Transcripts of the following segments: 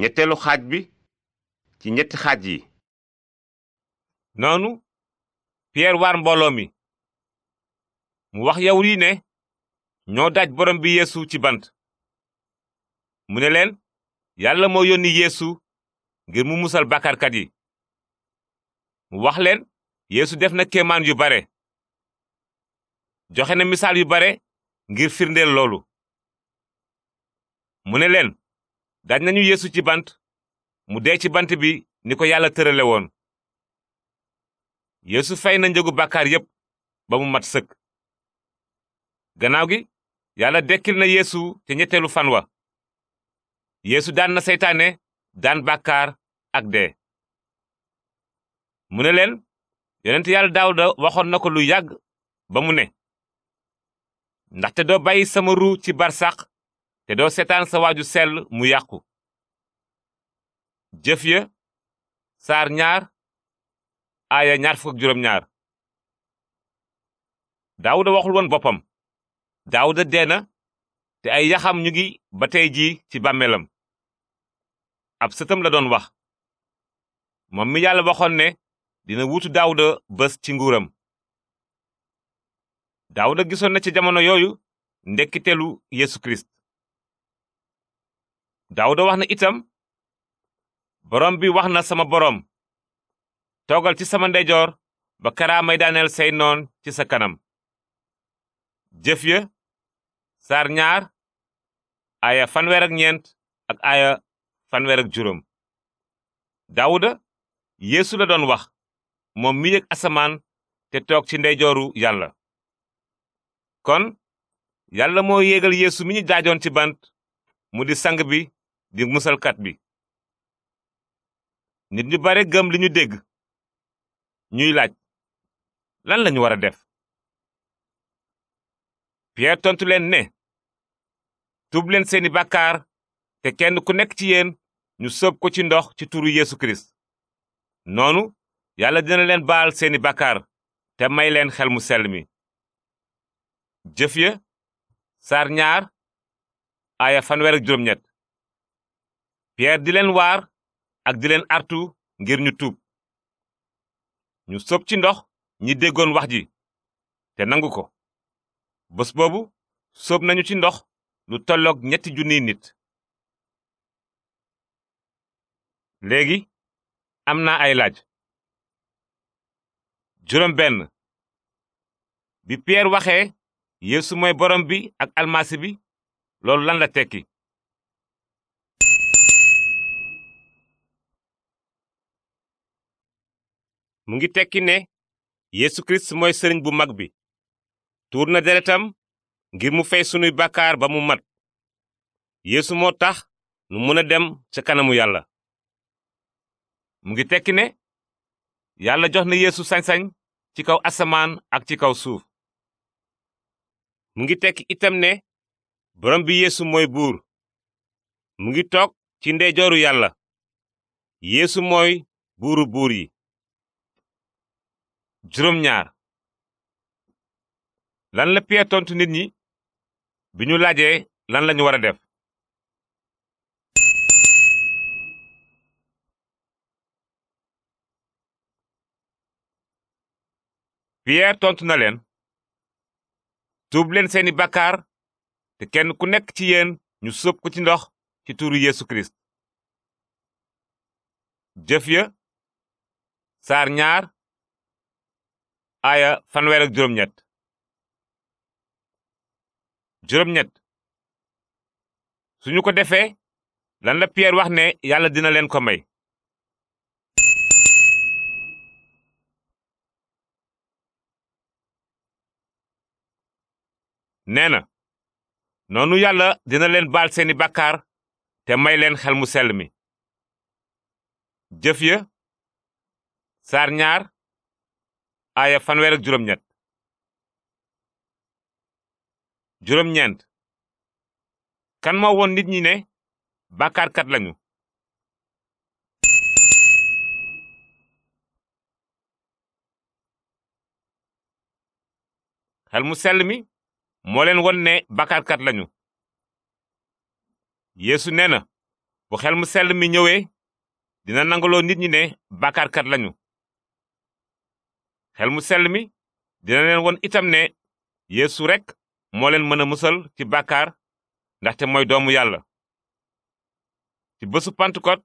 ñetteelu xaaj bi ci ñetti xaaj yi noonu Pierre waar mbooloo mi mu wax yawut yi ne ñoo daaj borom bi yéesu ci bant mu ne leen yàlla moo yónni yéesu ngir mu musal bàkkaarkat yi mu wax leen yeesu def na kéemaan yu bare joxe na misaal yu bare ngir firndeel loolu mu ne leen daaj nañu yéesu ci bant mu dee ci bant bi ni ko yàlla tërale woon yéesu fay na njëgu bàkkaar yépp ba mu mat sëkk gannaaw gi yàlla dekkil na yéesu ca ñetteelu fan wa yeesu daan na seytaane daan bàkkaar ak dee mu ne leen yonent yàlla daawuda waxoon na ko lu yàgg ba mu ne ndaxte doo bàyyi sama ruu ci barsàq te doo seetaan sa waaju sell mu yàqu jëf ya saar ñaar aaya ñaar fukk ak juróom ñaar daawuda waxul woon boppam daawuda dee na te ay yaxam ñu ngi ba tey jii ci bàmmeelam ab sëtam la doon wax moom mi yàlla waxoon ne dina wuutu daawuda bés ci nguuram daawuda gisoon na ci jamono yooyu ndekkitelu yesu kirist daawuda wax na itam boroom bi wax na sama boroom toogal ci sama ndeyjoor ba karaa may daaneel say noon ci sa kanam jëf ya saar ñaar aaya fanweer ak ñeent ak aaya fanweer juróom daawuda yéesu la doon wax moom mi yëg asamaan te toog ci ndeyjooru yàlla kon yàlla moo yéegal yéesu mi ñu daajoon ci bant mu di sang bi di musalkat bi nit ñu bare gëm li ñu dégg ñuy laaj lan lañu war a def Pierre tontu leen ne tuub seeni bàkkaar te kenn ku nekk ci yéen ñu sëb ko ci ndox ci turu Yesu Kirist noonu yàlla dina leen baal seeni bàkkaar te may leen xel mu sell mi jëf ya saar ñaar aaya fanweer ak Pierre di leen waar ak di leen artu ngir ñu tuub ñu soob ci ndox ñi déggoon wax ji te nangu ko bés boobu soob nañu ci ndox lu tolloog ñetti junniy nit léegi am na ay laaj juróom bi Pierre waxee Yeesu mooy borom bi ak almasi bi loolu lan la tekki mu ngi tekki ne Yesu Kirist mooy sëriñ bu mag bi tuur na deretam ngir mu fey sunuy bàkkaar ba mu mat yéesu moo tax nu mën a dem ca kanamu yàlla mu ngi tekki ne yàlla jox na yéesu sañ ci kaw asamaan ak ci kaw suuf mu ngi tekki itam ne borom bi yéesu mooy buur mu ngi toog ci ndeyjooru yàlla yéesu mooy buuru buur yi juróom lan la Pierre tontu nit ñi bi ñu laajee lan lañu war a def. Pierre tontu na leen. tuub leen seeni bakkaar te kenn ku nekk ci yéen ñu sóob ko ci ndox ci tuuru Yesu Kirist. jëf ya saar ñaar. aaya fanweer ak juróom suñu ko defee lan la Pierre wax ne yàlla dina leen ko may nee na noonu yàlla dina leen baal seeni bakkaar te may leen xel mu sell mi jëf ya saar aaya fanweer ak juróom kan moo woon nit ñi ne bàkkaarkat lañu xel mu sell mi moo leen won ne bàkkaarkat lañu yeesu nee na bu xel mu sell mi ñëwee dina nangaloo nit ñi ne bàkkaarkat lañu xel mu sell mi dina leen won itam ne yéesu rek moo leen mën a musal ci bàkkaar ndaxte mooy doomu yàlla ci bësu Pentecôte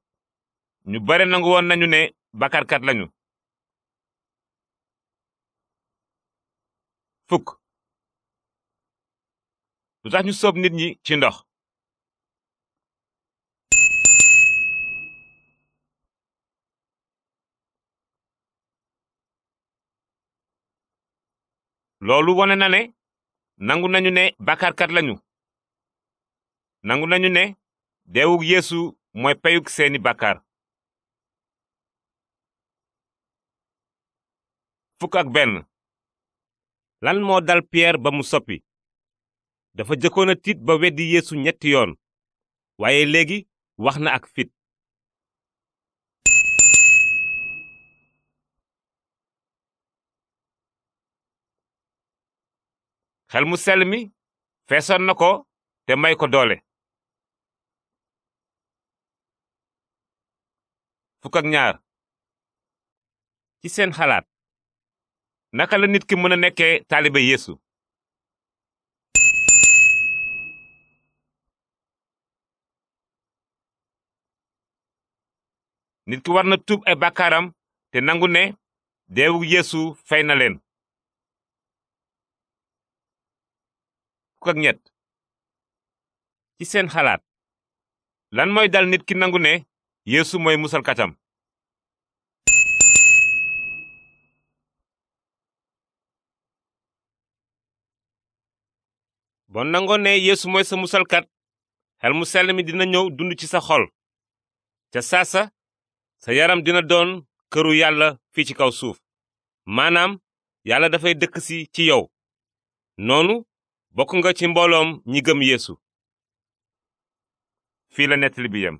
ñu bare nangu woon nañu ne bàkkaarkat lañu fukk lu tax nit ñi ci ndox loolu wone na nangu nañu ne bàkkaarkat lañu nangu nañu ne deewug yeesu mooy peyug seeni bàkkaar fukk lan moo dal piyeer ba mu soppi dafa jëkkoon a tiit ba weddi yéesu ñetti yoon waaye léegi wax na ak fit xel mu sell mi feesoon na ko te may ko doole fukk ñaar ci seen xalaat naka la nit ki mën a nekke taalibe yéesu nit ki war na tuub ay bakkaaram te nangu ne deewu yéesu fay na leen ak ñett ci seen xalaat lan mooy dal nit ki nangu ne yéesu mooy musalkatam boo nangoo ne yéesu mooy sa musalkat xel mu sell mi dina ñëw dund ci sa xol ca saasa sa yaram dina doon këru yàlla fii ci kaw suuf maanaam yàlla dafay dëkk si ci yow noonu bokk nga ci mbooloom ñi gëm Yeesu. fii la nettali bi yem.